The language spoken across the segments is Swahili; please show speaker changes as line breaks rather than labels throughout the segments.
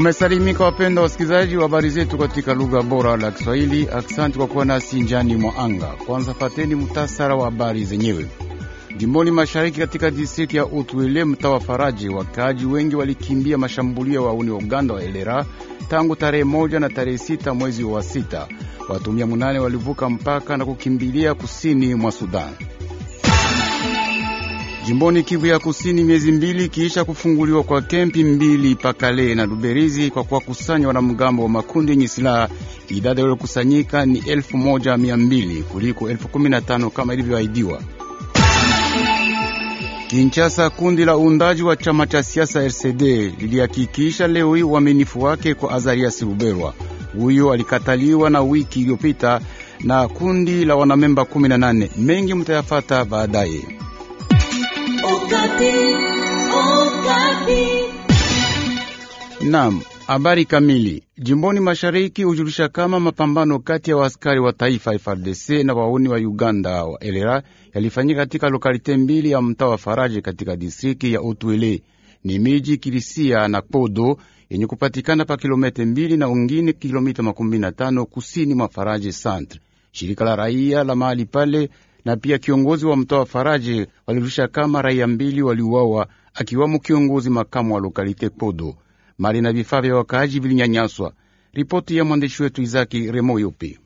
Mumesalimika wapenda wasikilizaji wa habari zetu katika lugha bora la Kiswahili. Aksanti kwa kuwa nasi njani mwa anga. Kwanza fateni mtasara wa habari zenyewe. Jimboni mashariki katika distrikti ya Utwile, mtawa Faraji, wakaaji wengi walikimbia mashambulio ya wauni wa Uganda wa elera tangu tarehe moja na tarehe sita mwezi wa sita. Watu mia munane walivuka mpaka na kukimbilia kusini mwa Sudani. Jimboni Kivu ya Kusini, miezi mbili kiisha kufunguliwa kwa kempi mbili Pakale na Luberizi kwa kuwakusanya wanamgambo wa makundi yenye silaha, idadi waliokusanyika ni elfu moja mia mbili kuliko elfu kumi na tano kama ilivyoahidiwa. Kinshasa, kundi la uundaji wa chama cha siasa RCD lilihakikisha leo hii uaminifu wake kwa Azarias Ruberwa. Huyo alikataliwa na wiki iliyopita na kundi la wanamemba 18. Mengi mtayafata baadaye. Naam, habari kamili. Jimboni mashariki hujulisha kama mapambano kati ya waaskari wa taifa frdc na wauni wa Uganda wa elera yalifanyika katika lokalite mbili ya mtaa wa Faraje katika distriki ya Otwele, ni miji Kirisia na Podo yenye kupatikana pa kilomita mbili na ungine kilomita makumi na tano kusini mwa Faraje centre. Shirika la raia la mahali pale na pia kiongozi wa mtoa wa Faraje walirusha kama raia mbili waliuawa, akiwamo kiongozi makamu wa lokalite Podo. Mali na vifaa vya wakaaji vilinyanyaswa. Ripoti ya mwandishi wetu Izaki Remoyope.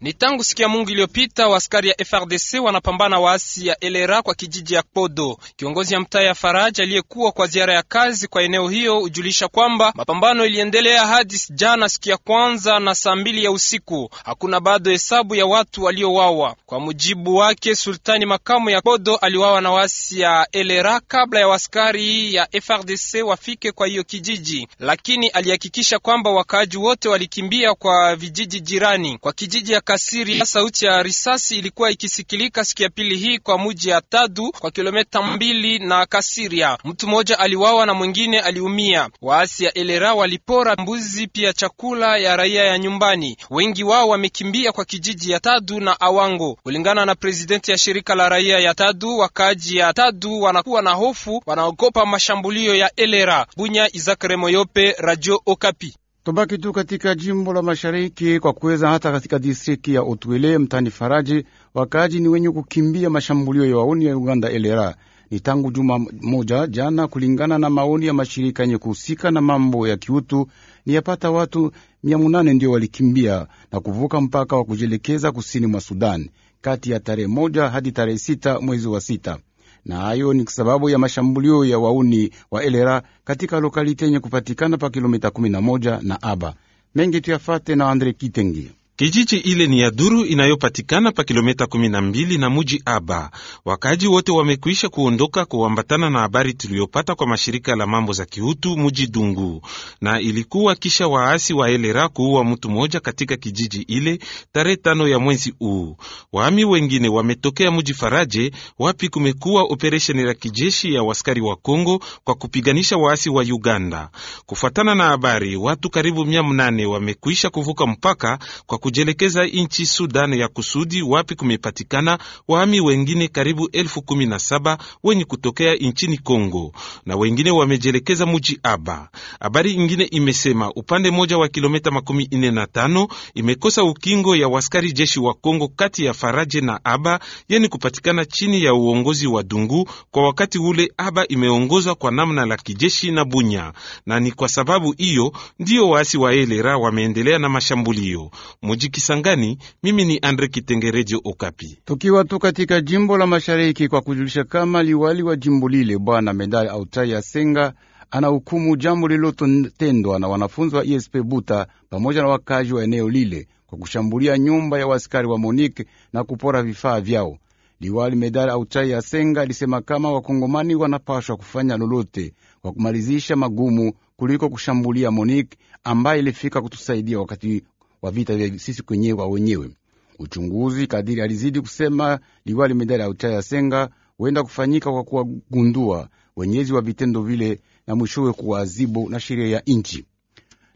Ni tangu siku ya Mungu iliyopita waskari ya FRDC wanapambana waasi ya elera kwa kijiji ya Podo. Kiongozi ya mtaa ya Faraja aliyekuwa kwa ziara ya kazi kwa eneo hiyo hujulisha kwamba mapambano iliendelea hadi jana siku ya kwanza na saa mbili ya usiku. Hakuna bado hesabu ya watu waliowawa. Kwa mujibu wake, sultani makamu ya Podo aliwawa na waasi ya elera kabla ya waskari ya FRDC wafike kwa hiyo kijiji, lakini alihakikisha kwamba wakaaji wote walikimbia kwa vijiji jirani kwa kijiji ya Kasiri. Sauti ya risasi ilikuwa ikisikilika siku ya pili hii kwa muji ya Tadu kwa kilomita mbili na Kasiria. Mtu mmoja aliwawa na mwingine aliumia. Waasi ya Elera walipora mbuzi pia chakula ya raia ya nyumbani. Wengi wao wamekimbia kwa kijiji ya Tadu na Awango. Kulingana na presidenti ya shirika la raia ya Tadu, wakaaji ya Tadu wanakuwa na hofu, wanaogopa mashambulio ya Elera. Bunya, Isaac Remoyope, Radio
Okapi. Tubaki tu katika jimbo la mashariki kwa kuweza hata katika distrikti ya Otwele mtani Faraji, wakaaji ni wenye kukimbia mashambulio ya wauni ya Uganda elera ni tangu juma moja jana, kulingana na maoni ya mashirika yenye kuhusika na mambo ya kiutu, ni yapata watu mia munane ndio walikimbia na kuvuka mpaka wa kujielekeza kusini mwa Sudani kati ya tarehe moja hadi tarehe sita mwezi wa sita na hayo ni sababu ya mashambulio ya wauni wa elera katika lokalite yenye kupatikana pa kilomita 11 na aba mengi tuyafate na Andre Kitengi.
Kijiji ile ni ya Duru inayopatikana pa kilomita 12 na muji Aba. Wakaji wote wamekwisha kuondoka kuambatana na habari tuliyopata kwa mashirika la mambo za kiutu muji Dungu, na ilikuwa kisha waasi wa Elera kuua mtu mmoja katika kijiji ile tarehe tano ya mwezi huu. Waami wengine wametokea muji Faraje wapi kumekuwa operesheni la kijeshi ya waskari wa Kongo kwa kupiganisha waasi wa Uganda. Kufuatana na habari, watu karibu mia mnane wamekwisha kuvuka mpaka kwa kujielekeza nchi Sudan ya Kusudi, wapi kumepatikana wahami wengine karibu elfu kumi na saba wenye kutokea nchini Kongo na wengine wamejielekeza muji Aba. Habari ingine imesema upande moja wa kilomita makumi ine na tano imekosa ukingo ya waskari jeshi wa Kongo kati ya Faraje na Aba yani kupatikana chini ya uongozi wa Dungu. Kwa wakati ule Aba imeongozwa kwa namna la kijeshi na Bunya, na ni kwa sababu hiyo ndiyo waasi wa Elera wameendelea na mashambulio muji Kisangani. Mimi ni Andre Kitengerejo, Okapi.
Tukiwa tu katika jimbo la mashariki kwa kujulisha kama liwali wa jimbo lile Bwana Medali Autai Asenga ana jambo lililotendwa na wanafunzi wa ISP e Buta pamoja na wakazi wa eneo lile kwa kushambulia nyumba ya wasikari wa monique na kupora vifaa vyao. Liwali Medali Autai Asenga alisema kama wakongomani wanapashwa kufanya lolote kwa kumalizisha magumu kuliko kushambulia Monique ambaye ilifika kutusaidia wakati wa vita vya sisi kwenyewe wa wenyewe. Uchunguzi kadiri alizidi kusema, liwali medali ya Uchaya Senga huenda kufanyika kwa kuwagundua wenyezi wa vitendo vile na mwishowe kuwaadhibu na sheria ya nchi.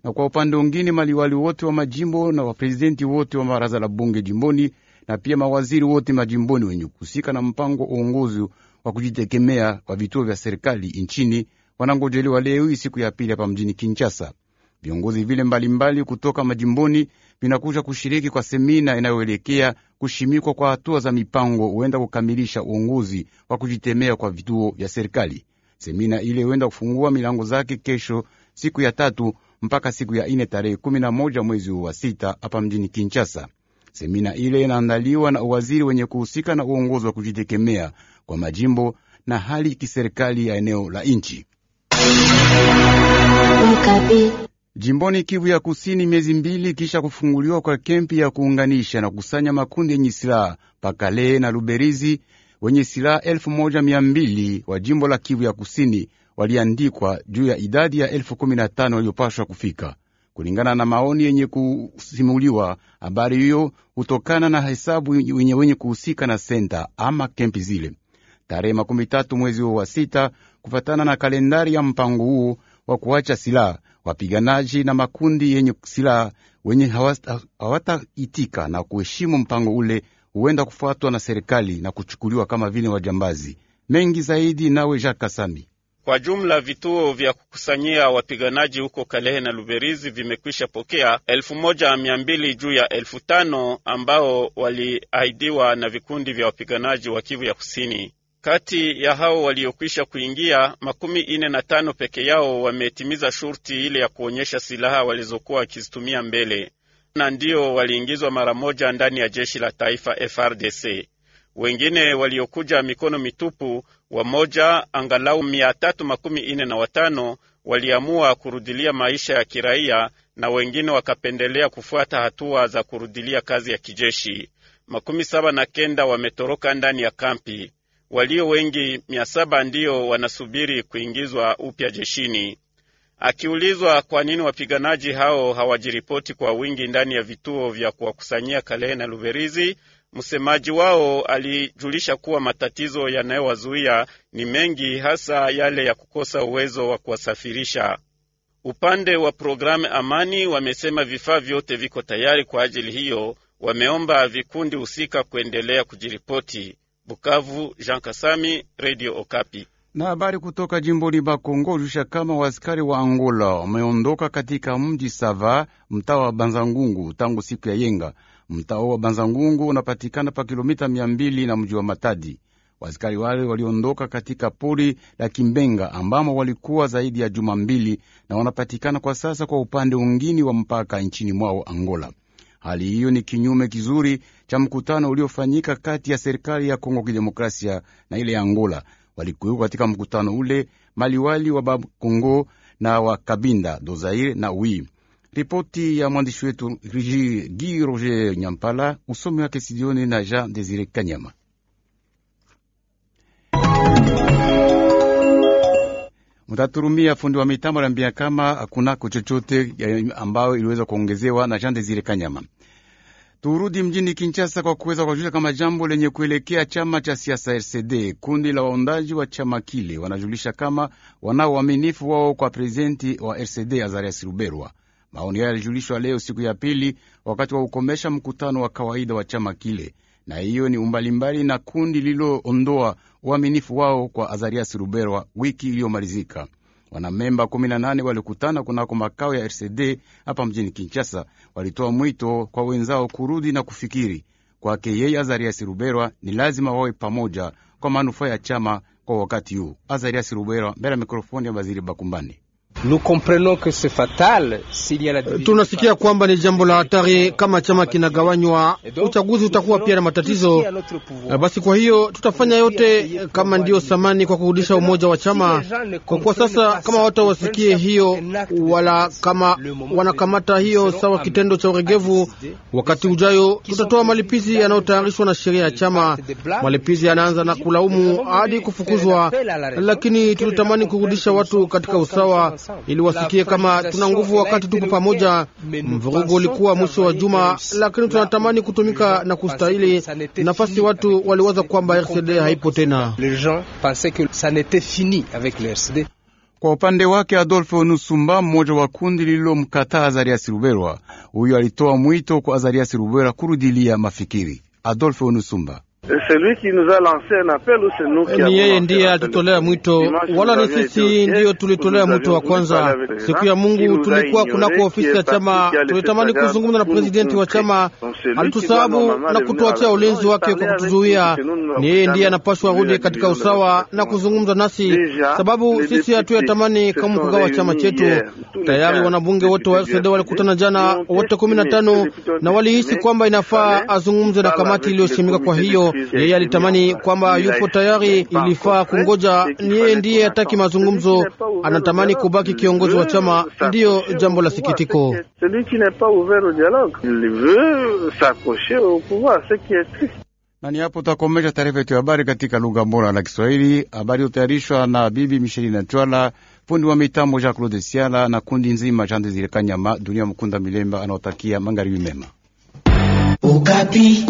Na kwa upande wengine, maliwali wote wa majimbo na waprezidenti wote wa baraza la bunge jimboni na pia mawaziri wote majimboni wenye kuhusika na mpango uongozi wa kujitegemea wa vituo vya serikali nchini wanangojeliwa leo hii siku ya pili hapa mjini Kinshasa. Viongozi vile mbalimbali mbali kutoka majimboni vinakuja kushiriki kwa semina inayoelekea kushimikwa kwa hatua za mipango huenda kukamilisha uongozi wa kujitemea kwa vituo vya serikali. Semina ile huenda kufungua milango zake kesho siku ya tatu mpaka siku ya ine tarehe kumi na moja mwezi wa sita hapa mjini Kinshasa. Semina ile inaandaliwa na uwaziri wenye kuhusika na uongozi wa kujitegemea kwa majimbo na hali kiserikali ya eneo la nchi. Jimboni Kivu ya Kusini, miezi mbili kisha kufunguliwa kwa kempi ya kuunganisha na kukusanya makundi yenye silaha Pakale na Luberizi, wenye silaha elfu moja mia mbili wa jimbo la Kivu ya Kusini waliandikwa juu ya idadi ya elfu kumi na tano kufika kulingana na maoni yenye kusimuliwa. Habari hiyo hutokana na hesabu wenye wenye kuhusika na senta ama kempi zile, tarehe makumi tatu mwezi huo wa sita, kufatana na kalendari ya mpango huo wa kuacha silaha wapiganaji na makundi yenye silaha wenye hawataitika na kuheshimu mpango ule huenda kufuatwa na serikali na kuchukuliwa kama vile wajambazi. Mengi zaidi nawe Jacques Kasami.
Kwa jumla vituo vya kukusanyia wapiganaji huko Kalehe na Luberizi vimekwisha pokea elfu moja mia mbili juu ya elfu tano ambao waliahidiwa na vikundi vya wapiganaji wa Kivu ya Kusini. Kati ya hao waliokwisha kuingia, makumi ine na tano peke yao wametimiza shurti ile ya kuonyesha silaha walizokuwa wakizitumia mbele, na ndio waliingizwa mara moja ndani ya jeshi la taifa FRDC. Wengine waliokuja mikono mitupu, wamoja angalau mia tatu makumi ine na watano waliamua kurudilia maisha ya kiraia na wengine wakapendelea kufuata hatua za kurudilia kazi ya kijeshi. Makumi saba na kenda wametoroka ndani ya kampi walio wengi mia saba ndiyo wanasubiri kuingizwa upya jeshini. Akiulizwa kwa nini wapiganaji hao hawajiripoti kwa wingi ndani ya vituo vya kuwakusanyia Kalehe na Luberizi, msemaji wao alijulisha kuwa matatizo yanayowazuia ni mengi, hasa yale ya kukosa uwezo wa kuwasafirisha. Upande wa programu Amani wamesema vifaa vyote viko tayari kwa ajili hiyo. Wameomba vikundi husika kuendelea kujiripoti. Bukavu, Jean Kasami, Radio Okapi.
Na habari kutoka jimboni Bakongo jusha kama waaskari wa Angola wameondoka katika mji Sava, mtaa wa Banzangungu tangu siku ya Yenga. Mtaa wa Banzangungu unapatikana pa kilomita mia mbili na mji wa Matadi. Waaskari wale waliondoka katika pori la Kimbenga ambamo walikuwa zaidi ya juma mbili, na wanapatikana kwa sasa kwa upande ungini wa mpaka nchini mwao Angola. Hali hiyo ni kinyume kizuri cha mkutano uliofanyika kati ya serikali ya Kongo Kidemokrasia na ile ya Angola. Walikuwepo katika mkutano ule maliwali wa Bakongo na wa Kabinda, Dozair na Ui. Ripoti ya mwandishi wetu Gi Roger Nyampala, usomi wake Sidioni na Jean Desire Kanyama. Mtaturumia fundi wa mitambo la kama chochote ambayo iliweza kuongezewa na Jean Desire Kanyama. Turudi mjini Kinshasa kwa kuweza kuwajulisha kama jambo lenye kuelekea chama cha siasa RCD. Kundi la waundaji wa chama kile wanajulisha kama wanao uaminifu wao kwa prezidenti wa RCD Azarias Ruberwa. Maoni hayo yalijulishwa leo siku ya pili, wakati wa kukomesha mkutano wa kawaida wa chama kile, na hiyo ni umbalimbali na kundi lililoondoa uaminifu wao kwa Azarias Ruberwa wiki iliyomalizika. Wanamemba 18 walikutana kunako makao ya RCD hapa mjini Kinshasa. Walitoa mwito kwa wenzao kurudi na kufikiri. Kwake yeye azarias Ruberwa, ni lazima wawe pamoja kwa manufaa ya chama kwa wakati huu. azarias Ruberwa mbele ya mikrofoni ya Waziri Bakumbani. Eh,
tunasikia kwamba ni jambo la hatari. Kama chama kinagawanywa, uchaguzi utakuwa pia na matatizo. Eh, basi kwa hiyo tutafanya yote kama ndiyo samani kwa kurudisha umoja wa chama. Kwa kuwa sasa, kama watu wasikie hiyo wala kama wanakamata hiyo sawa kitendo cha uregevu, wakati ujayo tutatoa malipizi yanayotayarishwa na sheria ya chama. Malipizi yanaanza na kulaumu hadi kufukuzwa, lakini tulitamani kurudisha watu katika usawa ili wasikie kama tuna nguvu wakati tupo pamoja. Mvurugo ulikuwa mwisho wa juma, lakini tunatamani kutumika na kustahili nafasi. Watu waliwaza kwamba RCD haipo tena.
Kwa upande wake Adolfo Nusumba, mmoja wa kundi lililomkataa Azariasi Ruberwa, huyo alitoa mwito kwa Azariasi Ruberwa kurudilia mafikiri. Adolfo Nusumba
lui qui nous a lancé un appel ou c'est nous qui ni yeye
ndiye alitutolea
mwito wala ni sisi ndiyo tulitolea mwito wa kwanza. Siku ya Mungu tulikuwa kunako ofisi ya chama, tulitamani kuzungumza na presidenti wa chama, alitusababu na kutuachia ulinzi wake kwa kutuzuia. Ni yeye ndiye anapashwa rudi katika usawa na kuzungumza nasi, sababu sisi hatuyatamani kama kugawa chama chetu. Tayari wanabunge wote wa FCD walikutana jana, wote kumi na tano, na walihisi kwamba inafaa azungumze na kamati iliyoshimika. Kwa hiyo yeye alitamani kwamba yupo tayari, ilifaa kungoja. Ni yeye ndiye ataki mazungumzo, anatamani kubaki kiongozi wa chama, ndiyo jambo la sikitiko.
Na ni hapo tutakomesha taarifa yetu ya habari katika lugha bora la Kiswahili. Habari iliyotayarishwa na bibi na Twala, fundi wa mitambo Jean Claude Siala na kundi nzima Jean Desire Dunia Mkunda Milemba anaotakia mangaribi mema.
Ukapi.